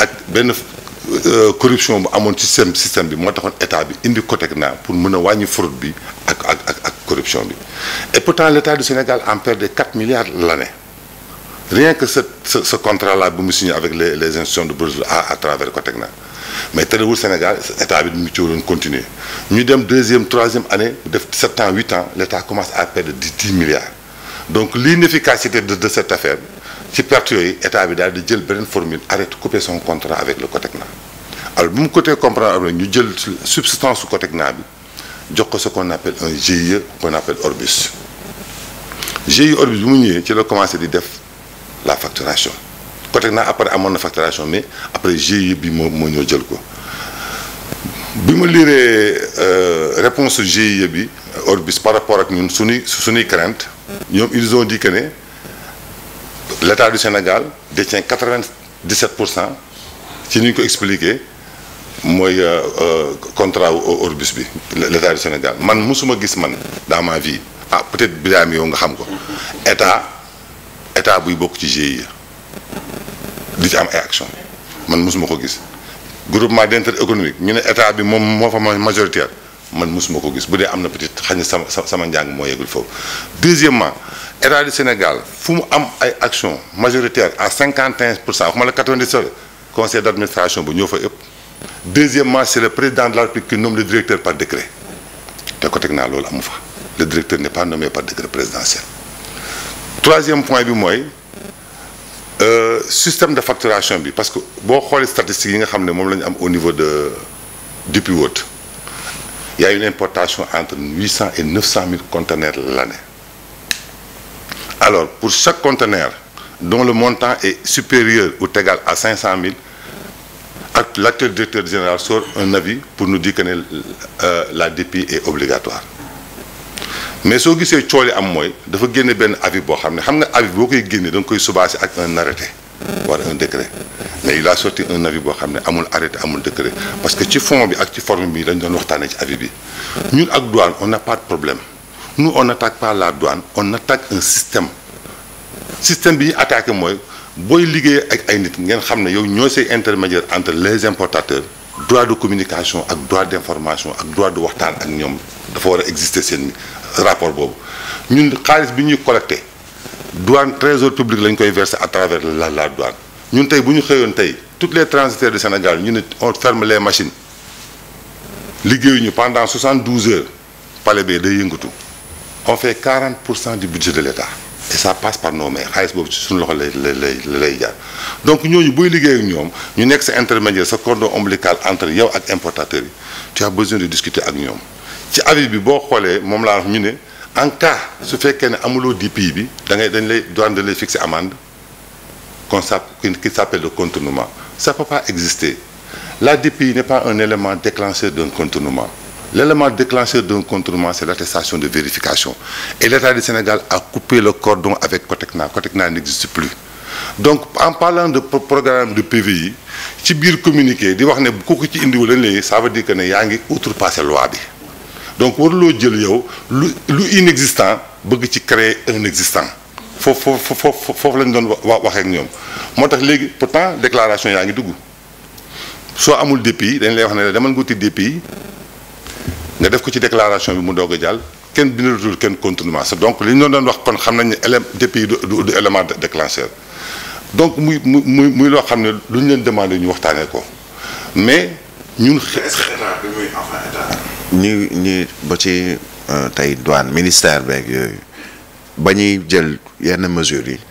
ak benn euh, corruption bu amoon ci système système bi moo taxoon état bi indi COTECNA pour mun a wàññi fraude bi ak ak ak corruption bi et pourtant l' état du Sénégal en perd de 4 milliards l' année rien que ce ce, ce contrat là bu mu signé avec les les institutions de Bruxelles à à travers COTECNA mais terewul Sénégal état bi mu ci waroon continuer ñu dem deuxième troisième année def 7 ans 8 ans l' état commence à perdre 10 milliards donc l' inefficacité de de cette ci perte yooyu état bi daal di jël beneen formule arrête couper son contrat avec le COTECNA alors bu mu côté comprendre am ñu jël substance su COTECNA bi jox ko ce qu'on appelle un GIE qu'on appelle Orbus GIE Orbus bi mu ñëwee ci la commencé di def la facturation COTECNA après amoon na facturation mais après GIE bi moo moo ñoo jël ko bi ma liiree euh, réponse GIE bi Orbus par rapport ak ñun suñuy suñuy crainte ñoom ils ont dit ne l'État du Sénégal détient 97 pour cent ci ni ko expliqué mooy euh, euh, contrat Orbus bi l'État du Sénégal man mosuma gis man dans ma vie ah peut-être yow nga xam ko état état buy bokk ci GIE di ci am ay action man musuma ko gis groupement d'intérêt économique ñu ne état bi moom moo fa majoritaire man musuma ko gis bu dee am na peut-être xañ na sama sama njàng moo yeggul foofu deuxièmement état Sénégal fu mu am ay action majoritaire à cinquante 51 pour cent waxuma la 97 conseil d' bu ñoo fa ëpp deuxièmement c' est président de la République qui nomme le directeur par décret te ko teg naa loolu amu fa le directeur n' est pas nommé par décret présidentiel troisième point bi mooy euh, système de facturation bi parce que boo xoolee statistiques yi nga xam ne moom la ñu am au niveau de du pivote y a une importation entre 800 et 900 000 conteneurs l' année Alors, pour chaque conteneur dont le montant et supérieur ou égal à 500 000, l'acteur directeur général sort un avis pour nous dire ne euh, la DPI est obligatoire. mais soo gisee cool yi am mooy dafa génne benn avis boo xam ne xam nga avis boo koy génne da nga koy subaase ak un arrêté wala un décret mais il a sorti un avis boo xam ne amul arrêté amul décret parce que ci fond bi ak ci forme bi dañ doon waxtaanee ci avis bi ñun ak douane on n'a pas problème nous on n'attaque pas la douane on attaque un système système bi ñu attaqué mooy booy liggéey ak ay nit ngeen xam ne yow ñoo say intermédiaire entre les importateurs droit de communication ak droit d'information ak droit de waxtaan ak ñoom dafa war a exister seen rapport boobu ñun xaalis bi ñuy collecté douane trésor public lañ koy verser à travers la la douane ñun tey bu ñu xëyoon tey toutes les transitaires du Sénégal ñu ne on ferme les machines liggéeyuñu pendant 72 heures pale bi day yëngatu on fait 40 pour cent du budget de et ça passe par nos mains xaalis boobu ci suñu loxo lay lay lay jaar donc ñooñu buy liggéey ak ñoom ñu nekk sa intermédiaire sa cordon ombilical entre yow ak importateurs yi tu as besoin de discuter ak ñoom ci avis bi boo xoolee moom laa wax ñu ne en cas su fekkee ne amuloo DPI bi da ngay dañ lay douane da lay fixer amende qu'on qui s'appelle le contournement ça peut pas exister la DPI n'est pas un élément déclancer d'un contournement L'élément déclencheur d'un contournement, c'est l'attestation de vérification. Et l'État du Sénégal a coupé le cordon avec Cotecna. Cotecna n'existe plus. donc en parlant de programme de PVI ci biir communiqué di wax ne ku ko ci indiwu lañ léegi ça veut dire que ne yaa ngi outrepassé loi bi donc waruloo jël yow lu lu inexistant bëgg ci créer un existant foofu foofu foofu lañ doon waxee ak ñoom moo tax léegi pourtant déclaration yaa ngi dugg soo amul DPI dañ lay wax ne la demal nga wuti DPI nga def ko ci déclaration bi mu doog a jàll kenn bindatul kenn contournement sa donc li ñu doon wax kon xam nañ ne élé DPI du du élément déclencheur donc muy muy muy loo xam ne lu ñu leen demandé ñu waxtaanee ko mais ñun. ñu ñu ba ci euh, tey douane ministère beeg yooyu ba ñuy jël yenn mesures yi.